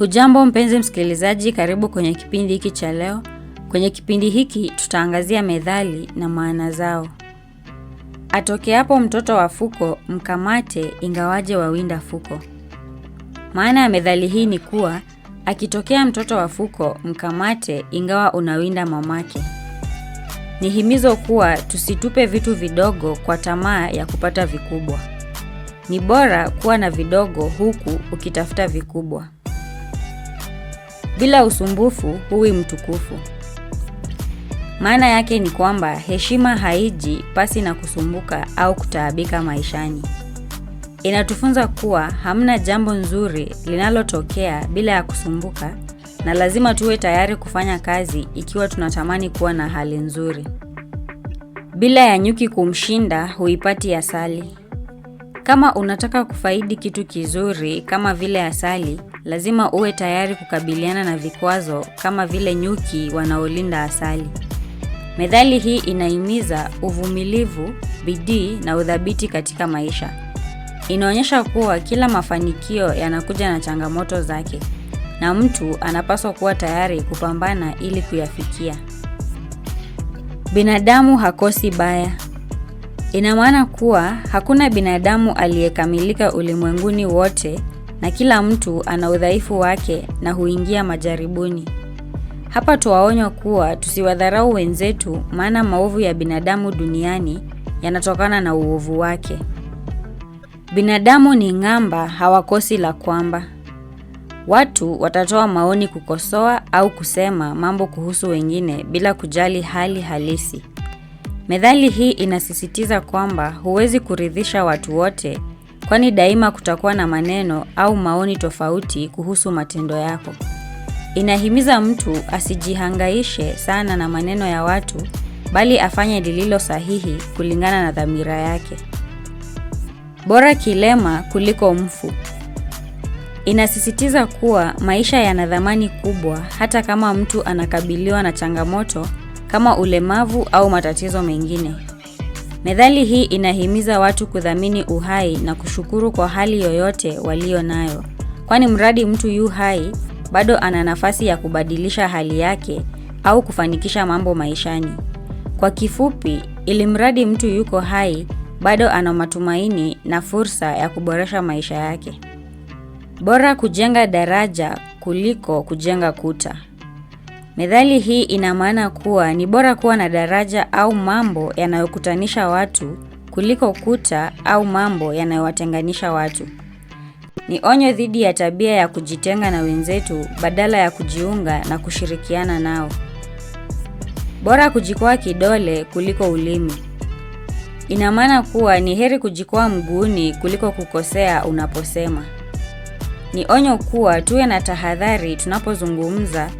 Hujambo mpenzi msikilizaji, karibu kwenye kipindi hiki cha leo. Kwenye kipindi hiki tutaangazia methali na maana zao. Atokeapo mtoto wa fuko mkamate, ingawaje wawinda fuko. Maana ya methali hii ni kuwa akitokea mtoto wa fuko mkamate, ingawa unawinda mamake. Ni himizo kuwa tusitupe vitu vidogo kwa tamaa ya kupata vikubwa. Ni bora kuwa na vidogo huku ukitafuta vikubwa. Bila usumbufu huwi mtukufu. Maana yake ni kwamba heshima haiji pasi na kusumbuka au kutaabika maishani. Inatufunza kuwa hamna jambo nzuri linalotokea bila ya kusumbuka na lazima tuwe tayari kufanya kazi ikiwa tunatamani kuwa na hali nzuri. Bila ya nyuki kumshinda huipati asali. Kama unataka kufaidi kitu kizuri kama vile asali, lazima uwe tayari kukabiliana na vikwazo kama vile nyuki wanaolinda asali. Methali hii inahimiza uvumilivu, bidii na udhabiti katika maisha. Inaonyesha kuwa kila mafanikio yanakuja na changamoto zake na mtu anapaswa kuwa tayari kupambana ili kuyafikia. Binadamu hakosi baya. Ina maana kuwa hakuna binadamu aliyekamilika ulimwenguni wote na kila mtu ana udhaifu wake na huingia majaribuni. Hapa tuwaonywa kuwa tusiwadharau wenzetu maana maovu ya binadamu duniani yanatokana na uovu wake. Binadamu ni ng'amba, hawakosi la kwamba. Watu watatoa maoni kukosoa au kusema mambo kuhusu wengine bila kujali hali halisi. Methali hii inasisitiza kwamba huwezi kuridhisha watu wote, kwani daima kutakuwa na maneno au maoni tofauti kuhusu matendo yako. Inahimiza mtu asijihangaishe sana na maneno ya watu, bali afanye lililo sahihi kulingana na dhamira yake. Bora kilema kuliko mfu. Inasisitiza kuwa maisha yana thamani kubwa hata kama mtu anakabiliwa na changamoto kama ulemavu au matatizo mengine. Methali hii inahimiza watu kudhamini uhai na kushukuru kwa hali yoyote waliyo nayo, kwani mradi mtu yu hai, bado ana nafasi ya kubadilisha hali yake au kufanikisha mambo maishani. Kwa kifupi, ili mradi mtu yuko hai, bado ana matumaini na fursa ya kuboresha maisha yake. Bora kujenga daraja kuliko kujenga kuta. Methali hii ina maana kuwa ni bora kuwa na daraja au mambo yanayokutanisha watu kuliko kuta au mambo yanayowatenganisha watu. Ni onyo dhidi ya tabia ya kujitenga na wenzetu badala ya kujiunga na kushirikiana nao. Bora kujikoa kidole kuliko ulimi. Ina maana kuwa ni heri kujikoa mguuni kuliko kukosea unaposema. Ni onyo kuwa tuwe na tahadhari tunapozungumza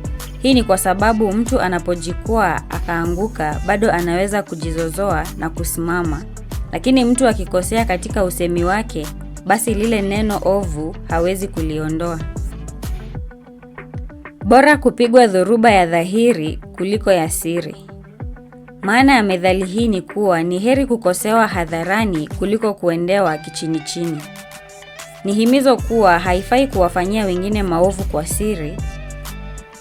hii ni kwa sababu mtu anapojikwaa akaanguka bado anaweza kujizozoa na kusimama, lakini mtu akikosea katika usemi wake, basi lile neno ovu hawezi kuliondoa. Bora kupigwa dhoruba ya dhahiri kuliko ya siri. Maana ya methali hii ni kuwa ni heri kukosewa hadharani kuliko kuendewa kichini chini. Ni himizo kuwa haifai kuwafanyia wengine maovu kwa siri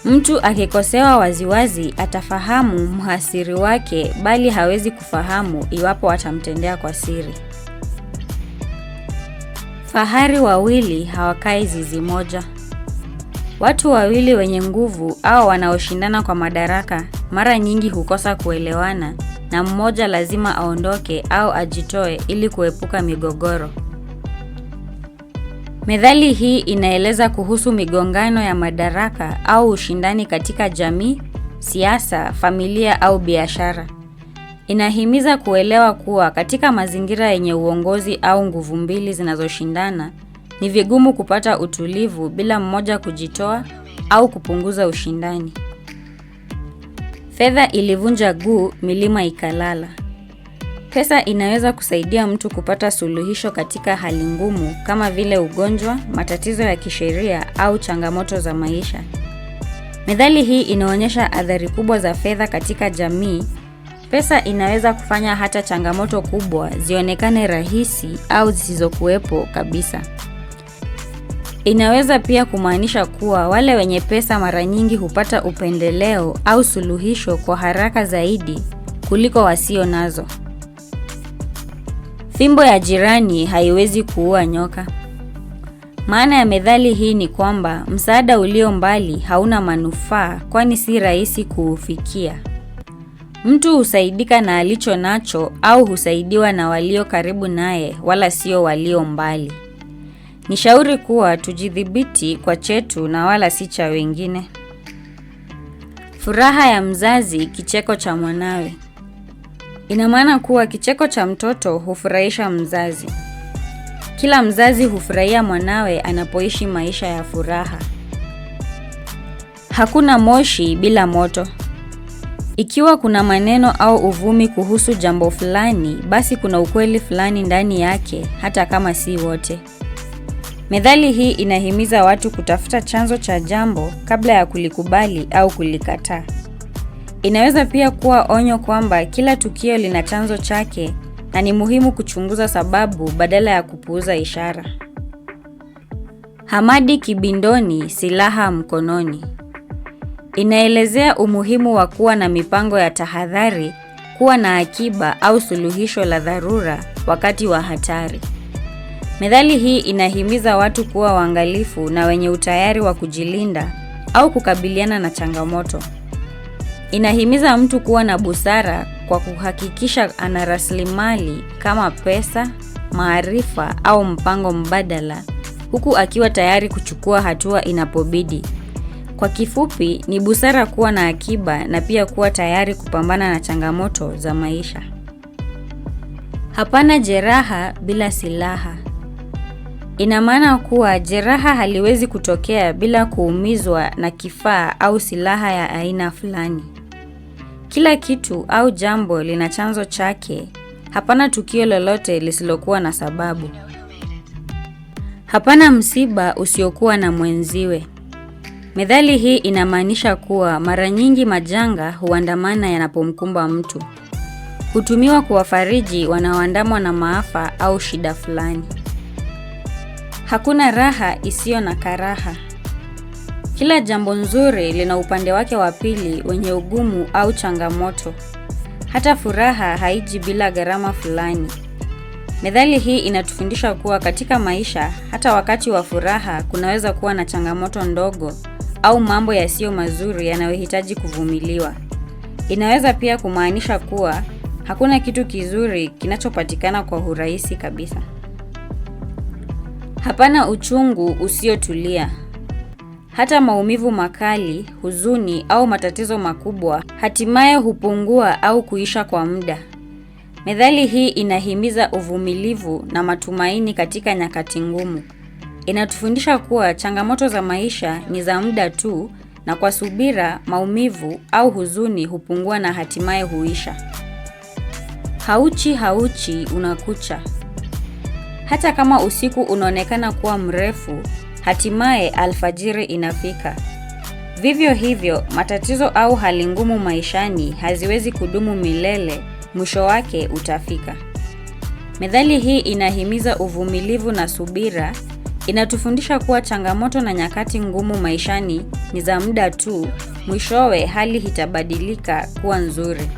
Mtu akikosewa waziwazi atafahamu mhasiri wake, bali hawezi kufahamu iwapo atamtendea kwa siri. Fahari wawili hawakai zizi moja. Watu wawili wenye nguvu au wanaoshindana kwa madaraka mara nyingi hukosa kuelewana na mmoja lazima aondoke au ajitoe ili kuepuka migogoro. Methali hii inaeleza kuhusu migongano ya madaraka au ushindani katika jamii, siasa, familia au biashara. Inahimiza kuelewa kuwa katika mazingira yenye uongozi au nguvu mbili zinazoshindana, ni vigumu kupata utulivu bila mmoja kujitoa au kupunguza ushindani. Fedha ilivunja guu, milima ikalala. Pesa inaweza kusaidia mtu kupata suluhisho katika hali ngumu kama vile ugonjwa, matatizo ya kisheria au changamoto za maisha. Methali hii inaonyesha athari kubwa za fedha katika jamii. Pesa inaweza kufanya hata changamoto kubwa zionekane rahisi au zisizokuwepo kabisa. Inaweza pia kumaanisha kuwa wale wenye pesa mara nyingi hupata upendeleo au suluhisho kwa haraka zaidi kuliko wasio nazo. Fimbo ya jirani haiwezi kuua nyoka. Maana ya methali hii ni kwamba msaada ulio mbali hauna manufaa kwani si rahisi kuufikia. Mtu husaidika na alicho nacho au husaidiwa na walio karibu naye wala sio walio mbali. Ni shauri kuwa tujidhibiti kwa chetu na wala si cha wengine. Furaha ya mzazi, kicheko cha mwanawe. Ina maana kuwa kicheko cha mtoto hufurahisha mzazi. Kila mzazi hufurahia mwanawe anapoishi maisha ya furaha. Hakuna moshi bila moto. Ikiwa kuna maneno au uvumi kuhusu jambo fulani, basi kuna ukweli fulani ndani yake hata kama si wote. Methali hii inahimiza watu kutafuta chanzo cha jambo kabla ya kulikubali au kulikataa. Inaweza pia kuwa onyo kwamba kila tukio lina chanzo chake na ni muhimu kuchunguza sababu badala ya kupuuza ishara. Hamadi kibindoni, silaha mkononi. Inaelezea umuhimu wa kuwa na mipango ya tahadhari, kuwa na akiba au suluhisho la dharura wakati wa hatari. Methali hii inahimiza watu kuwa waangalifu na wenye utayari wa kujilinda au kukabiliana na changamoto. Inahimiza mtu kuwa na busara kwa kuhakikisha ana rasilimali kama pesa, maarifa au mpango mbadala, huku akiwa tayari kuchukua hatua inapobidi. Kwa kifupi, ni busara kuwa na akiba na pia kuwa tayari kupambana na changamoto za maisha. Hapana jeraha bila silaha. Ina maana kuwa jeraha haliwezi kutokea bila kuumizwa na kifaa au silaha ya aina fulani. Kila kitu au jambo lina chanzo chake. Hapana tukio lolote lisilokuwa na sababu. Hapana msiba usiokuwa na mwenziwe. Methali hii inamaanisha kuwa mara nyingi majanga huandamana yanapomkumba mtu. Hutumiwa kuwafariji wanaoandamwa na maafa au shida fulani. Hakuna raha isiyo na karaha. Kila jambo nzuri lina upande wake wa pili wenye ugumu au changamoto. Hata furaha haiji bila gharama fulani. Methali hii inatufundisha kuwa katika maisha, hata wakati wa furaha kunaweza kuwa na changamoto ndogo au mambo yasiyo mazuri yanayohitaji kuvumiliwa. Inaweza pia kumaanisha kuwa hakuna kitu kizuri kinachopatikana kwa urahisi kabisa. Hapana uchungu usiotulia. Hata maumivu makali, huzuni au matatizo makubwa hatimaye hupungua au kuisha kwa muda. Methali hii inahimiza uvumilivu na matumaini katika nyakati ngumu. Inatufundisha kuwa changamoto za maisha ni za muda tu na kwa subira, maumivu au huzuni hupungua na hatimaye huisha. Hauchi hauchi unakucha. Hata kama usiku unaonekana kuwa mrefu, Hatimaye alfajiri inafika. Vivyo hivyo, matatizo au hali ngumu maishani haziwezi kudumu milele, mwisho wake utafika. Methali hii inahimiza uvumilivu na subira, inatufundisha kuwa changamoto na nyakati ngumu maishani ni za muda tu, mwishowe hali itabadilika kuwa nzuri.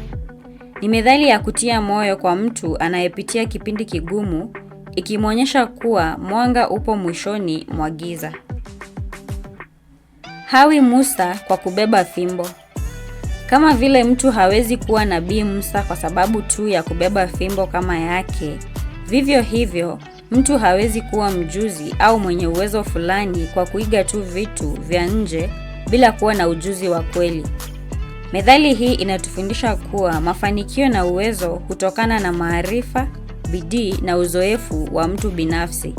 Ni methali ya kutia moyo kwa mtu anayepitia kipindi kigumu ikimwonyesha kuwa mwanga upo mwishoni mwa giza. Hawi Musa kwa kubeba fimbo. Kama vile mtu hawezi kuwa nabii Musa kwa sababu tu ya kubeba fimbo kama yake, vivyo hivyo mtu hawezi kuwa mjuzi au mwenye uwezo fulani kwa kuiga tu vitu vya nje bila kuwa na ujuzi wa kweli. Methali hii inatufundisha kuwa mafanikio na uwezo hutokana na maarifa bidii na uzoefu wa mtu binafsi,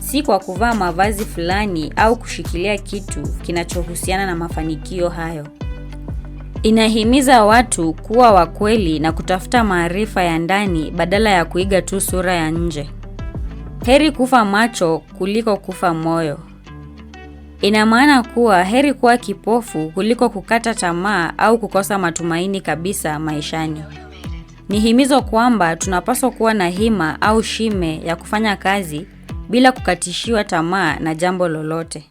si kwa kuvaa mavazi fulani au kushikilia kitu kinachohusiana na mafanikio hayo. Inahimiza watu kuwa wakweli na kutafuta maarifa ya ndani badala ya kuiga tu sura ya nje. Heri kufa macho kuliko kufa moyo. Ina maana kuwa heri kuwa kipofu kuliko kukata tamaa au kukosa matumaini kabisa maishani. Ni himizo kwamba tunapaswa kuwa na hima au shime ya kufanya kazi bila kukatishiwa tamaa na jambo lolote.